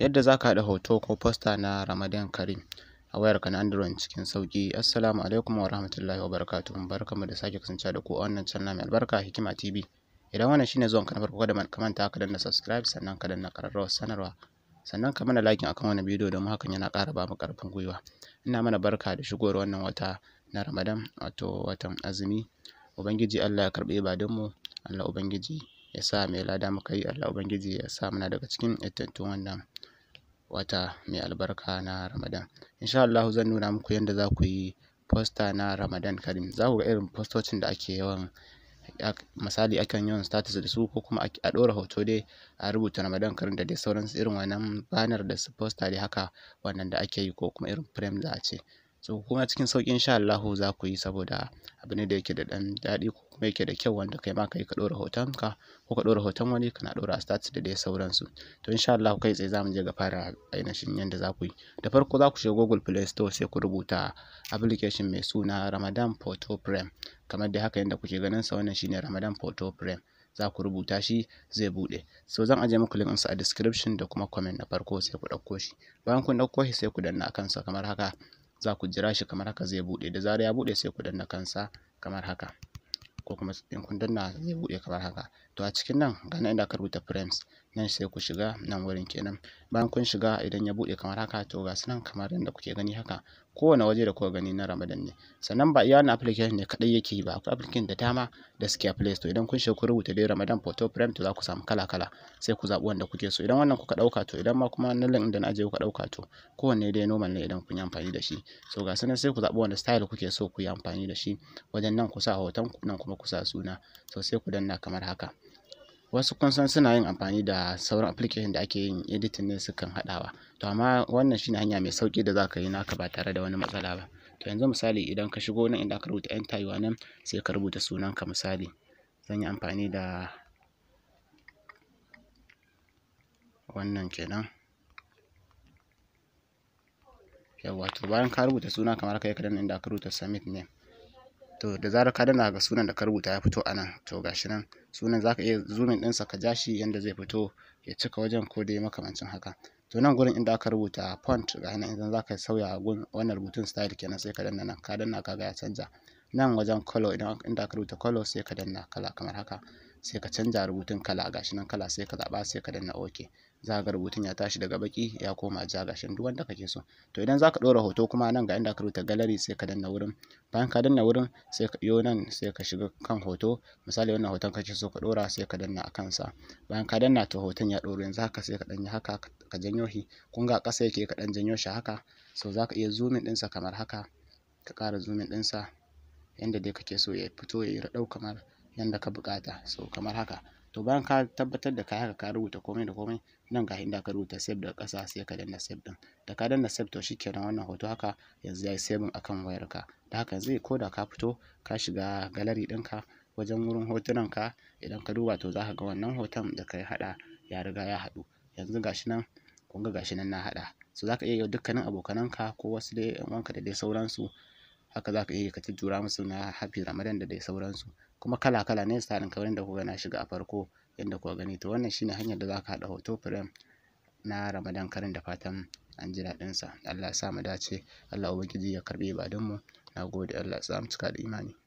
Yadda za ka haɗa hoto ko posta na Ramadan Karim a wayarka na Android cikin sauki Assalamu alaikum wa rahmatullahi wa Barka mu da sake kasancewa da ku a wannan channel mai albarka Hikima TV. Idan wannan shine zuwan ka na farko da ka manta ka danna subscribe sannan ka danna ƙararrawar sanarwa. Sannan ka mana like akan wannan bidiyo domin hakan yana ƙara ba mu ƙarfin gwiwa. Ina mana barka da shigowar wannan wata na Ramadan wato watan azumi. Ubangiji Allah ya karɓi ibadunmu. Allah Ubangiji ya sa mai lada muka yi. Allah Ubangiji ya sa muna daga cikin ittantun wannan wata mai albarka na Ramadan. Insha Allah zan nuna muku yadda za ku yi fosta na Ramadan Karim. Za ku ga irin postocin da ake yawan misali akan yawan status da su ko kuma a ɗora hoto dai a rubuta Ramadan Karim da dai sauransu irin wannan banar da su posta dai haka wannan da ake yi ko kuma irin frame za a ce. So kuma cikin sauƙi insha Allah za ku yi saboda abu ne da yake da ɗan daɗi ko kuma yake da kyau wanda kai ma kai ka ɗora hoton ka ko ka ɗora hoton wani kana ɗora a status da dai sauransu to insha Allah kai tsaye zamu je ga fara ainihin yanda za ku yi da farko za ku shiga Google Play Store sai ku rubuta application mai suna Ramadan Photo Frame kamar dai haka yanda kuke ganin sa wannan shine Ramadan Photo Frame za ku rubuta shi zai buɗe so zan ajiye muku link a description da kuma comment na farko sai ku ɗauko shi bayan kun ɗauko shi sai ku danna akan sa kamar haka za ku jira shi kamar haka zai buɗe da zarar ya buɗe sai ku danna kansa kamar haka ko kuma in kun danna zai buɗe kamar haka to a cikin nan ga nan inda aka rubuta frames nan sai ku shiga nan wurin kenan bayan kun shiga idan ya buɗe kamar haka to ga su nan kamar yadda kuke gani haka kowane waje da kuka gani na ramadan ne sannan ba iya wannan application ne kadai yake yi ba akwai application da dama da suke a play store idan kun shiga ku rubuta dai ramadan photo frame to za ku samu kala kala sai ku zaɓi wanda kuke so idan wannan kuka dauka to idan ma kuma na link da na ajiye kuka dauka to kowanne dai normal ne idan kun yi amfani da shi so ga sanan sai ku zaɓi wanda style kuke so ku yi amfani da shi wajen nan ku sa hoton nan kuma ku sa suna so sai ku danna kamar haka wasu kun san suna yin amfani da sauran application da ake yin editing ne su kan haɗawa to amma wannan shine hanya mai sauƙi da zaka yi naka ba tare da wani matsala ba to yanzu misali idan ka shigo nan inda aka rubuta enter your name sai ka rubuta sunan ka misali zan yi amfani da wannan kenan yawwa to bayan ka rubuta suna kamar kai ka danna inda aka rubuta submit name to da zarar ka danna ga sunan da ka rubuta ya fito anan to gashi nan sunan zaka iya zoomin ɗinsa ka ja shi yanda zai fito ya cika wajen ko dai makamancin haka to nan gurin inda aka rubuta font ga nan idan zaka sauya gun wannan rubutun style kenan sai ka danna nan ka danna kaga ya canja nan wajen color idan inda aka rubuta color sai ka danna kala kamar haka sai ka canza rubutun kala gashi nan kala sai ka zaɓa sai ka danna okay za ga rubutun ya tashi daga baki ya koma ja gashi duk wanda kake so to idan zaka ɗora hoto kuma nan ga inda ka rubuta gallery sai ka danna wurin bayan ka danna wurin sai ka yo nan sai ka shiga kan hoto misali wannan hoton kake so ka dora sai ka danna a kansa bayan ka danna to hoton ya ɗoro yanzu haka sai ka ɗan haka ka janyo shi kun ga ƙasa yake ka ɗan janyo shi haka so za ka iya zoomin dinsa kamar haka ka ƙara zoomin dinsa yanda dai kake so ya fito ya yi raɗau kamar yanda ka bukata so kamar haka to bayan ka tabbatar da kai haka ka rubuta komai da komai nan ga inda ka rubuta save daga ƙasa sai ka danna save din da ka danna save to shikenan wannan hoto haka yanzu yayi saving akan wayar ka da haka zai koda ka fito ka shiga gallery dinka wajen wurin hotunan ka idan ka duba to zaka ga wannan hoton da kai hada ya riga ya haɗu yanzu gashi nan kun ga gashi nan na haɗa so zaka iya yau dukkanin ka ko wasu dai yan uwanka da dai sauransu haka za ka iya ka jura musu na hafi ramadan da dai sauransu kuma kala kala ne styling kamar yadda kuka na shiga a farko yadda kuka gani to wannan shine hanyar da za ka haɗa hoto frame na ramadan karin da fatan an ji daɗinsa Allah ya sa mu dace Allah ubangiji ya karɓe ibadunmu na gode Allah ya sa mu cika da imani